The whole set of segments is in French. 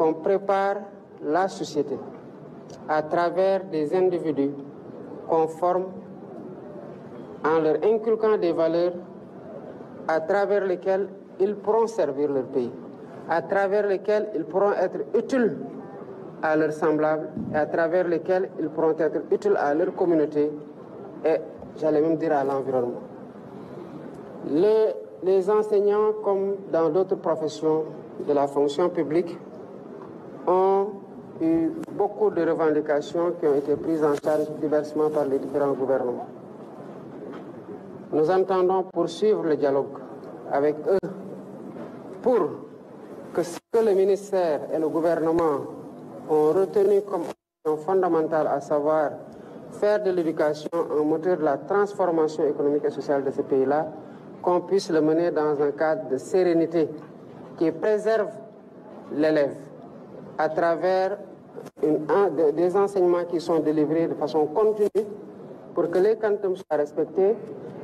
qu'on prépare la société à travers des individus conformes en leur inculquant des valeurs à travers lesquelles ils pourront servir leur pays, à travers lesquelles ils pourront être utiles à leurs semblables et à travers lesquels ils pourront être utiles à leur communauté et j'allais même dire à l'environnement. les enseignants, comme dans d'autres professions de la fonction publique, et beaucoup de revendications qui ont été prises en charge diversement par les différents gouvernements. Nous entendons poursuivre le dialogue avec eux pour que ce que le ministère et le gouvernement ont retenu comme fondamental, à savoir faire de l'éducation un moteur de la transformation économique et sociale de ce pays-là, qu'on puisse le mener dans un cadre de sérénité qui préserve l'élève à travers des enseignements qui sont délivrés de façon continue pour que les cantons soient respectés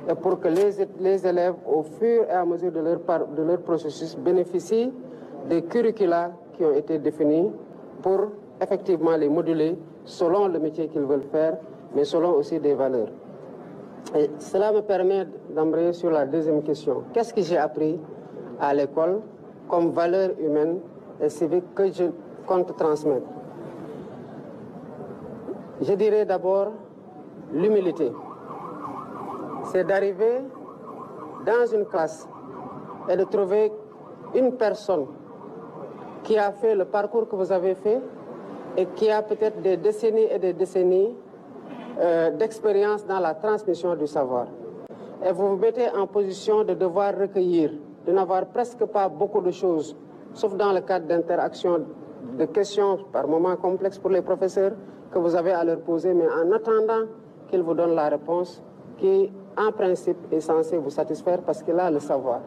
et pour que les, élèves, au fur et à mesure de leur, de leur processus, bénéficient des curricula qui ont été définis pour effectivement les moduler selon le métier qu'ils veulent faire, mais selon aussi des valeurs. Et cela me permet d'embrayer sur la deuxième question. Qu'est-ce que j'ai appris à l'école comme valeur humaine et civique que je compte transmettre je dirais d'abord l'humilité. C'est d'arriver dans une classe et de trouver une personne qui a fait le parcours que vous avez fait et qui a peut-être des décennies et des décennies euh, d'expérience dans la transmission du savoir. Et vous vous mettez en position de devoir recueillir, de n'avoir presque pas beaucoup de choses, sauf dans le cadre d'interactions, de questions par moments complexes pour les professeurs, que vous avez à leur poser, mais en attendant qu'ils vous donnent la réponse qui, en principe, est censée vous satisfaire parce qu'il a le savoir.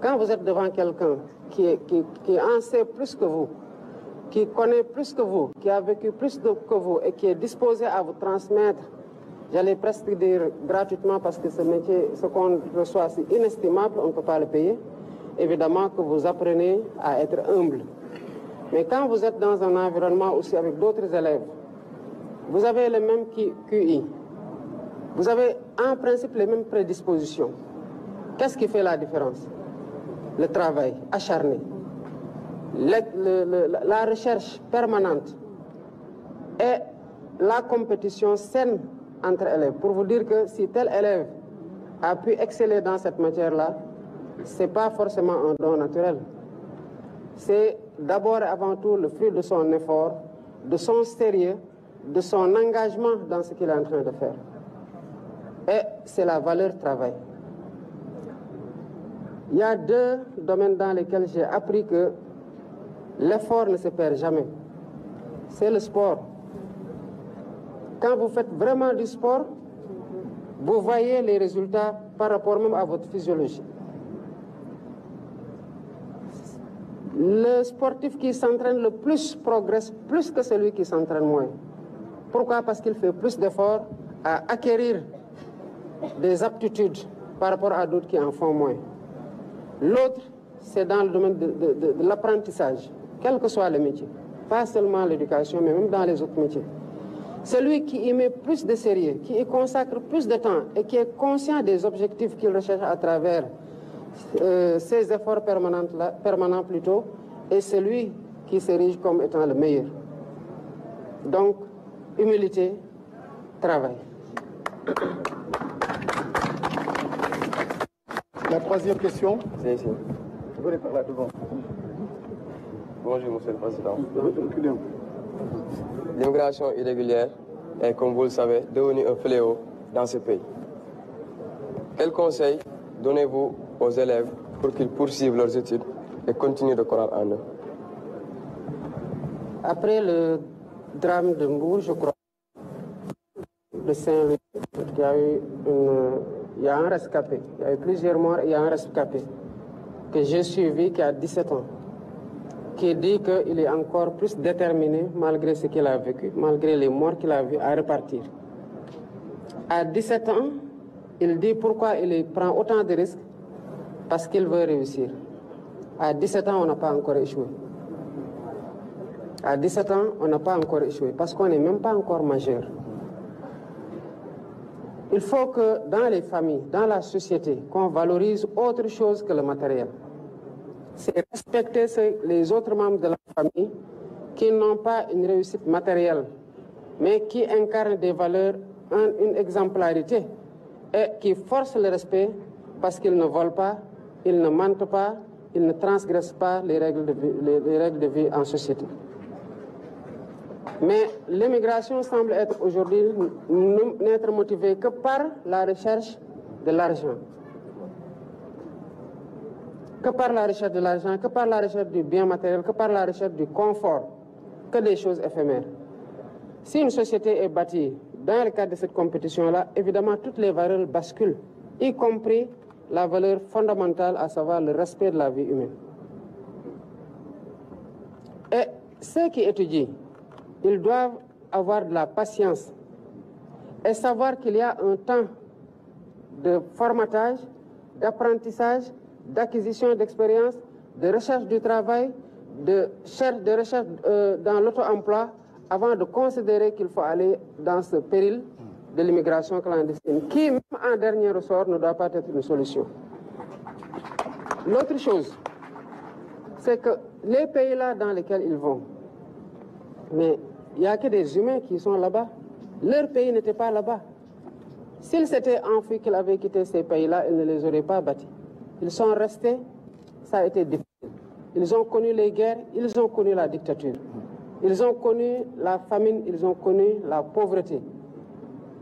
Quand vous êtes devant quelqu'un qui, qui, en sait plus que vous, qui connaît plus que vous, qui a vécu plus que vous et qui est disposé à vous transmettre, j'allais presque dire gratuitement parce que ce métier, ce qu'on reçoit, c'est inestimable, on ne peut pas le payer. Évidemment que vous apprenez à être humble. Mais quand vous êtes dans un environnement aussi avec d'autres élèves, vous avez le même QI, vous avez en principe les mêmes prédispositions. Qu'est-ce qui fait la différence Le travail acharné, la recherche permanente et la compétition saine entre élèves. Pour vous dire que si tel élève a pu exceller dans cette matière-là, ce n'est pas forcément un don naturel. C'est d'abord et avant tout le fruit de son effort, de son sérieux de son engagement dans ce qu'il est en train de faire. Et c'est la valeur travail. Il y a deux domaines dans lesquels j'ai appris que l'effort ne se perd jamais. C'est le sport. Quand vous faites vraiment du sport, vous voyez les résultats par rapport même à votre physiologie. Le sportif qui s'entraîne le plus progresse plus que celui qui s'entraîne moins. Pourquoi Parce qu'il fait plus d'efforts à acquérir des aptitudes par rapport à d'autres qui en font moins. L'autre, c'est dans le domaine de, l'apprentissage, quel que soit le métier. Pas seulement l'éducation, mais même dans les autres métiers. Celui qui y met plus de sérieux, qui y consacre plus de temps et qui est conscient des objectifs qu'il recherche à travers euh, ses efforts permanents, permanents plutôt, est celui qui s'érige comme étant le meilleur. Donc, humilité, travail. La troisième question. C'est Bonjour, Monsieur le Président. L'immigration irrégulière est, comme vous le savez, devenue un fléau dans ce pays. Quel conseil donnez-vous aux élèves pour qu'ils poursuivent leurs études et continuent de croire en eux Après le drame de Mbourg, je crois, de Saint-Louis, il y a un rescapé, il y a eu plusieurs morts, il y a un rescapé que j'ai suivi qui a 17 ans, qui dit qu'il est encore plus déterminé, malgré ce qu'il a vécu, malgré les morts qu'il a vues, à repartir. À 17 ans, il dit pourquoi il prend autant de risques, parce qu'il veut réussir. À 17 ans, on n'a pas encore échoué. À 17 ans, on n'a pas encore échoué parce qu'on n'est même pas encore majeur. Il faut que dans les familles, dans la société, qu'on valorise autre chose que le matériel. C'est respecter les autres membres de la famille qui n'ont pas une réussite matérielle, mais qui incarnent des valeurs, une exemplarité et qui forcent le respect parce qu'ils ne volent pas, ils ne mentent pas, ils ne transgressent pas les règles les règles de vie en société. Mais l'immigration semble être aujourd'hui n'être motivée que par la recherche de l'argent. Que par la recherche de l'argent, que par la recherche du bien matériel, que par la recherche du confort, que des choses éphémères. Si une société est bâtie dans le cadre de cette compétition-là, évidemment, toutes les valeurs basculent, y compris la valeur fondamentale, à savoir le respect de la vie humaine. Et ceux qui étudient ils doivent avoir de la patience et savoir qu'il y a un temps de formatage, d'apprentissage, d'acquisition d'expérience, de recherche du travail, de, recherche, de recherche euh, dans l'auto-emploi avant de considérer qu'il faut aller dans ce péril de l'immigration clandestine, qui, même en dernier ressort, ne doit pas être une solution. L'autre chose, c'est que les pays-là dans lesquels ils vont, mais il n'y a que des humains qui sont là-bas. Leur pays n'était pas là-bas. S'ils s'étaient enfuis, qu'ils avaient quitté ces pays-là, ils ne les auraient pas bâtis. Ils sont restés, ça a été difficile. Ils ont connu les guerres, ils ont connu la dictature. Ils ont connu la famine, ils ont connu la pauvreté.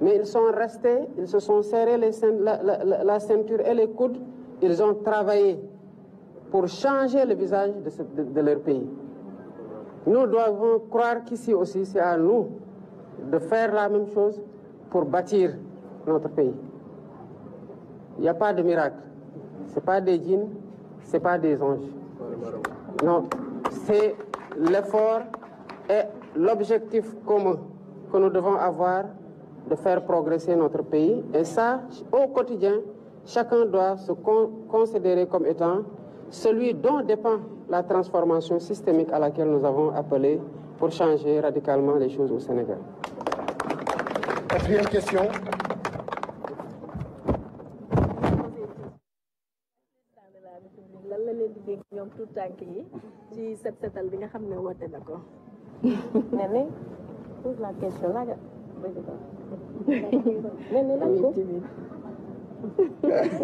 Mais ils sont restés, ils se sont serrés la, ceinture et les coudes, ils ont travaillé pour changer le visage de leur pays. Nous devons croire qu'ici aussi, c'est à nous de faire la même chose pour bâtir notre pays. Il n'y a pas de miracle. Ce n'est pas des djinns, ce n'est pas des anges. Non, c'est l'effort et l'objectif commun que nous devons avoir de faire progresser notre pays. Et ça, au quotidien, chacun doit se considérer comme étant celui dont dépend la transformation systémique à laquelle nous avons appelé pour changer radicalement les choses au Sénégal. question. fexe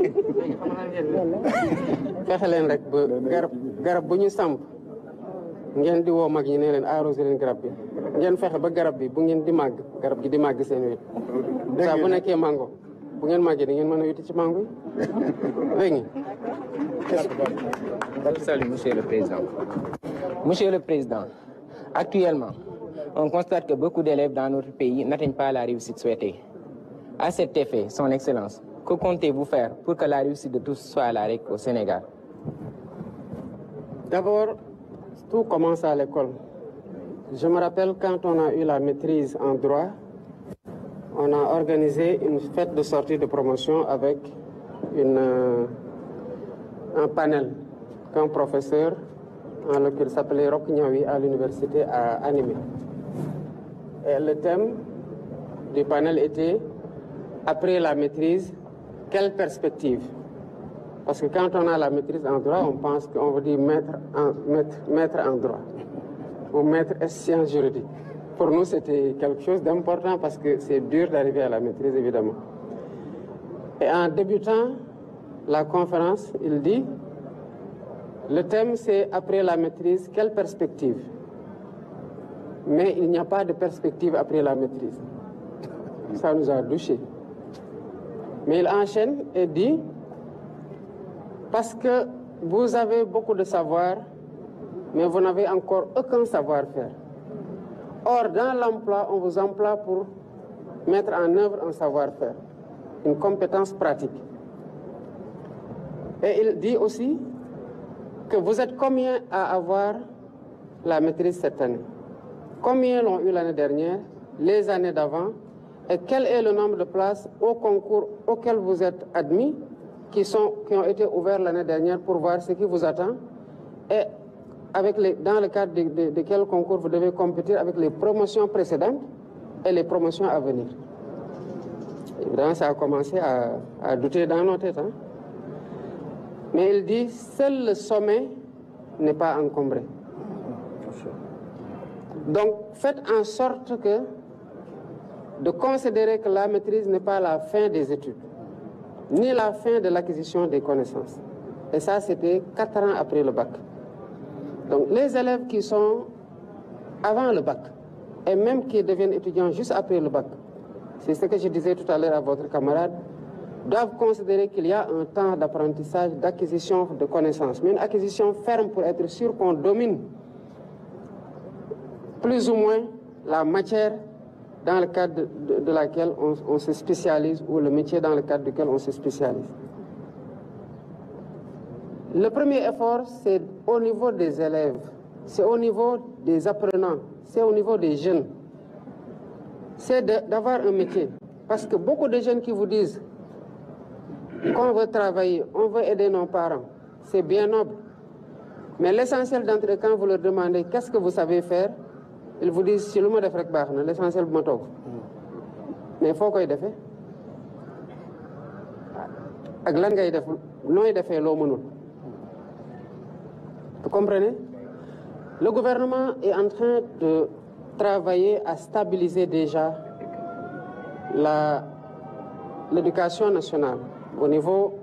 rek ba garab garab bu ñu samp ngeen di woo mag ñi ne leen arrosé leen garab bi ngeen fexe ba garab bi bu ngeen di màgg garab gi di màgg seen wet saa bu nekkee mango bu ngeen màggee da ngeen mën a witti ci mango yi dégg nga salut monsieur le président monsieur le président actuellement on constate que beaucoup d'élèves dans notre pays n'atteignent pas la réussite souhaitée à cet effet son excellence que comptez-vous faire pour que la réussite de tous soit à la l'arrêt au Sénégal D'abord, tout commence à l'école. Je me rappelle quand on a eu la maîtrise en droit, on a organisé une fête de sortie de promotion avec euh, un panel qu'un professeur, en lequel s'appelait Niaoui à l'université, a animé. Et le thème du panel était Après la maîtrise, quelle perspective Parce que quand on a la maîtrise en droit, on pense qu'on veut dire maître en, en droit ou maître en juridique. Pour nous, c'était quelque chose d'important parce que c'est dur d'arriver à la maîtrise, évidemment. Et en débutant la conférence, il dit, le thème c'est après la maîtrise, quelle perspective Mais il n'y a pas de perspective après la maîtrise. Ça nous a douchés. Mais il enchaîne et dit, parce que vous avez beaucoup de savoir, mais vous n'avez encore aucun savoir-faire. Or, dans l'emploi, on vous emploie pour mettre en œuvre un savoir-faire, une compétence pratique. Et il dit aussi que vous êtes combien à avoir la maîtrise cette année Combien l'ont eu l'année dernière, les années d'avant et quel est le nombre de places au concours auquel vous êtes admis, qui, sont, qui ont été ouverts l'année dernière pour voir ce qui vous attend, et avec les, dans le cadre de, de, quel concours vous devez compétir avec les promotions précédentes et les promotions à venir. Évidemment, ça a commencé à, à douter dans nos têtes. Hein. Mais il dit, seul le sommet n'est pas encombré. Donc, faites en sorte que de considérer que la maîtrise n'est pas la fin des études, ni la fin de l'acquisition des connaissances. Et ça, c'était quatre ans après le bac. Donc les élèves qui sont avant le bac, et même qui deviennent étudiants juste après le bac, c'est ce que je disais tout à l'heure à votre camarade, doivent considérer qu'il y a un temps d'apprentissage, d'acquisition de connaissances, mais une acquisition ferme pour être sûr qu'on domine plus ou moins la matière dans le cadre de, laquelle on, on, se spécialise ou le métier dans le cadre duquel on se spécialise. Le premier effort, c'est au niveau des élèves, c'est au niveau des apprenants, c'est au niveau des jeunes. C'est d'avoir un métier. Parce que beaucoup de jeunes qui vous disent qu'on veut travailler, on veut aider nos parents, c'est bien noble. Mais l'essentiel d'entre eux, quand vous leur demandez qu'est-ce que vous savez faire, ils vous disent si le mot def rek baax l'essentiel bu ma faut mais il faut defee ak lan ngay vous comprenez le gouvernement est en train de travailler à stabiliser déjà l'éducation nationale au niveau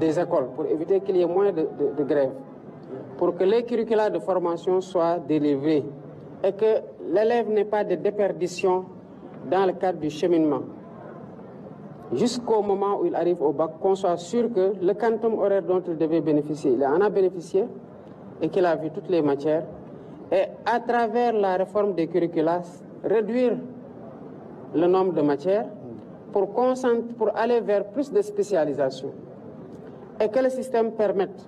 des écoles pour éviter qu'il y ait moins de, de, grèves, pour que les curricula de formation soient délivrés et que l'élève n'ait pas de déperdition dans le cadre du cheminement. Jusqu'au moment où il arrive au bac, qu'on soit sûr que le quantum horaire dont il devait bénéficier, il en a bénéficié et qu'il a vu toutes les matières. Et à travers la réforme des curriculas réduire le nombre de matières pour, pour aller vers plus de spécialisation. Et que le système permette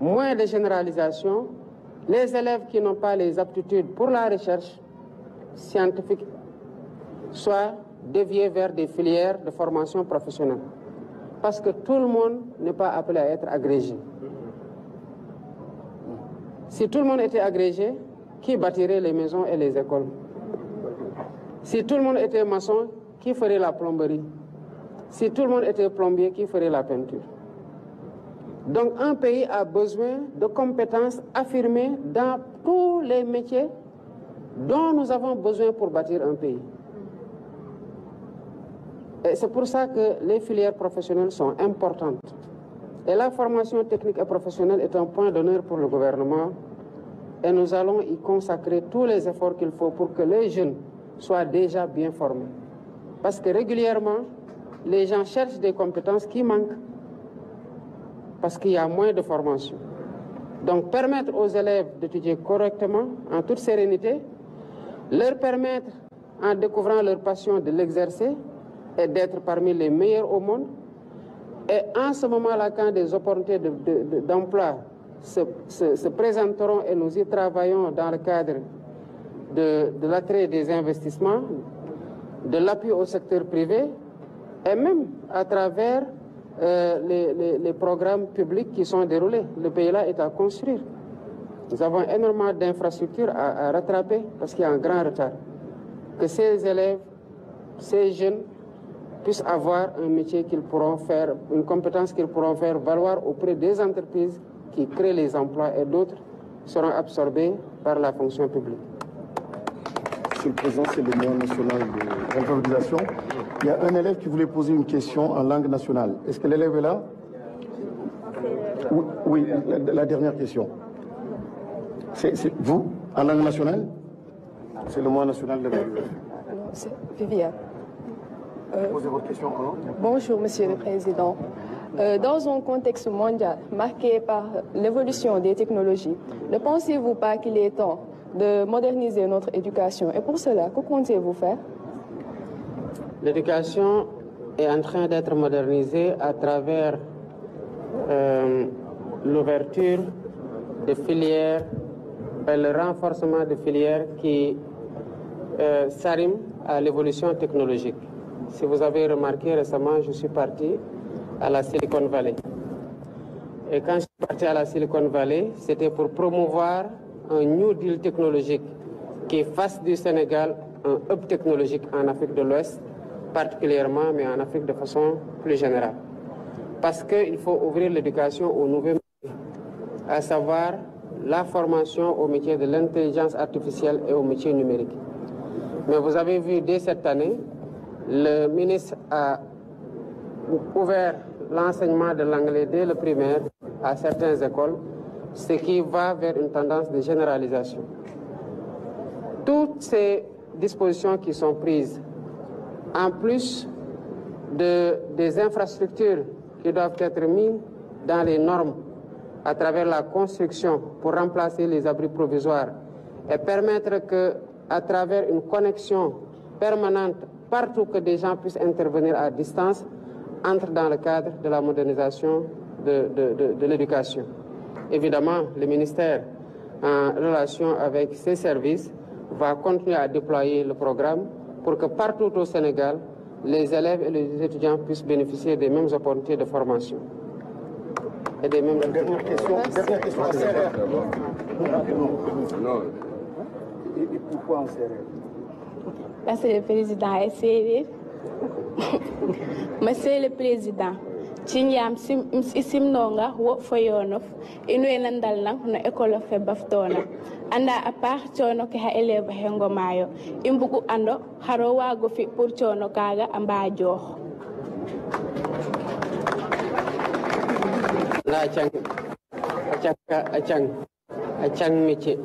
moins de généralisation les élèves qui n'ont pas les aptitudes pour la recherche scientifique soient déviés vers des filières de formation professionnelle. Parce que tout le monde n'est pas appelé à être agrégé. Si tout le monde était agrégé, qui bâtirait les maisons et les écoles Si tout le monde était maçon, qui ferait la plomberie Si tout le monde était plombier, qui ferait la peinture donc un pays a besoin de compétences affirmées dans tous les métiers dont nous avons besoin pour bâtir un pays. Et c'est pour ça que les filières professionnelles sont importantes. Et la formation technique et professionnelle est un point d'honneur pour le gouvernement. Et nous allons y consacrer tous les efforts qu'il faut pour que les jeunes soient déjà bien formés. Parce que régulièrement, les gens cherchent des compétences qui manquent parce qu'il y a moins de formation. Donc permettre aux élèves d'étudier correctement, en toute sérénité, leur permettre, en découvrant leur passion, de l'exercer et d'être parmi les meilleurs au monde. Et en ce moment-là, quand des opportunités d'emploi se, présenteront et nous y travaillons dans le cadre de l'attrait des investissements, de l'appui au secteur privé et même à travers euh, les, programmes publics qui sont déroulés. Le pays-là est à construire. Nous avons énormément d'infrastructures à, rattraper parce qu'il y a un grand retard. Que ces élèves, ces jeunes puissent avoir un métier qu'ils pourront faire, une compétence qu'ils pourront faire valoir auprès des entreprises qui créent les emplois et d'autres seront absorbés par la fonction publique. Monsieur le Président, c'est le national de l'improvisation. Il y a un élève qui voulait poser une question en langue nationale. Est-ce que l'élève est là Oui, la, dernière question. C'est vous, en langue nationale C'est le mot national de la C'est Viviane. Euh, posez votre question en Bonjour, Monsieur le Président. Euh, dans un contexte mondial marqué par l'évolution des technologies, ne pensez-vous pas qu'il est temps de moderniser notre éducation Et pour cela, que comptez-vous faire L'éducation est en train d'être modernisée à travers euh, l'ouverture des filières, le renforcement des filières qui euh, à l'évolution technologique. Si vous avez remarqué récemment, je suis parti à la Silicon Valley. Et quand je suis parti à la Silicon Valley, c'était pour promouvoir un new deal technologique qui fasse du Sénégal un hub technologique en Afrique de l'Ouest particulièrement, mais en Afrique de façon plus générale. Parce qu'il faut ouvrir l'éducation aux nouveaux métiers, à savoir la formation au métier de l'intelligence artificielle et au métier numérique. Mais vous avez vu dès cette année, le ministre a ouvert l'enseignement de l'anglais dès le primaire à certaines écoles, ce qui va vers une tendance de généralisation. Toutes ces dispositions qui sont prises en plus de, des infrastructures qui doivent être mises dans les normes à travers la construction pour remplacer les abris provisoires et permettre que, à travers une connexion permanente partout que des gens puissent intervenir à distance, entre dans le cadre de la modernisation de, de, de l'éducation. Évidemment, le ministère, en relation avec ses services, va continuer à déployer le programme pour que partout au Sénégal, les élèves et les étudiants puissent bénéficier des mêmes opportunités de formation. Et des mêmes... Dernière question. Dernière question. Et pourquoi en serré Parce que le président est serré. Monsieur le président, jinjam isimnonga wo fo yonof in way ndal na no école fe baftona anda a paax coono ke ha élève hengo ngomayo i ando haro waago fi pour coono kaga a mba joox na a chang a cang a cang métier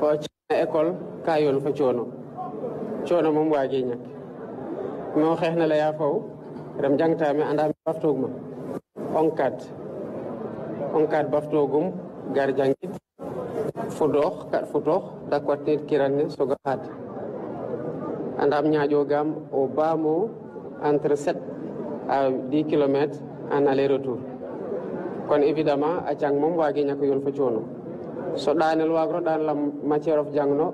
fo coono école ka yoon fo coono coono moom waage ñak mo xeexna laya fow jang jangta mi anda onkat baftoguma on kad on kad baftogum gar jangid fuɗox kaɗ fuɗox dakwatinit kiranne soga haad andam gam o bamo entre 7 à 10 km en aller retour kon évidemment a cang mom wagi ñako yon fa so ɗanel wagro daan lam matière of jangno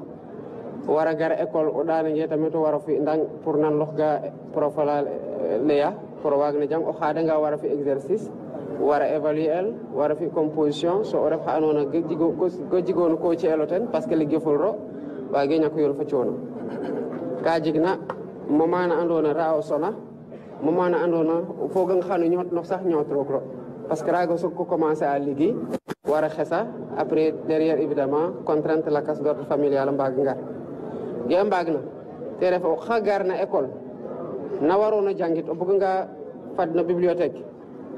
wara gar école o ɗana e je tamit wara fi ndang pour nan lox ga profalal Eh, leya pour waag no jang o xaadanga nga wara fi exercice wara a évaluer fi composition so o ref xa andoona yee go jigoonu ko ci'elo ten parce que liggeful ro waagee ñak o fa fo coono ka jegna moment na andoona raa o sona moment na andoona o foogang xan o ñootnox sax rok ro parce que raaga so ko commencer a wara après derrière évidemment contrainte lakas d'ordre familial mbaag ngar ge ref o xa école na waroon a jàngit o bëgg nga fad no bibliothèque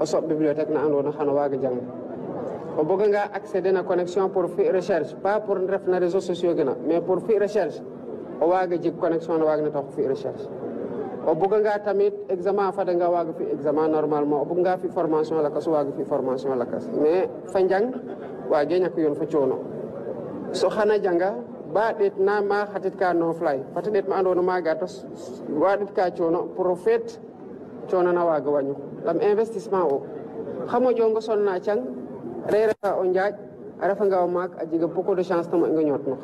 o soɓ bibliothèque na andoona xan o waaga jàng o bëgg nga accéder na connexion pour fi recherche pas pour ref na réseaux sociaux gena mais pour fi recherche o waaga jeg connexion no waagna tax fi recherche o bëgg nga tamit examen fada nga waaga fi examen normalement o bëgg nga fi formation lakas o waaga fi formation lakas mais fa njàng waagee ñak yoon fo coono so xana janga baɗet nama hatet ka noflay fataɗet ma andono maga to waɗet ka coono pour o feet coono na waga wañu lam investissement o xamo jongo sonna cang reerata o njaaƴ a refa nga o maak a jega beaucoup de chance tamo i nga ñootnox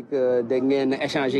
que euh, gens échange